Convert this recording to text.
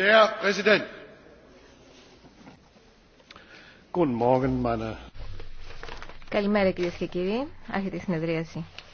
Der Präsident. Guten Morgen, meine. Καλημέρα κυρίες και κύριοι. Άρχεται η συνεδρίαση.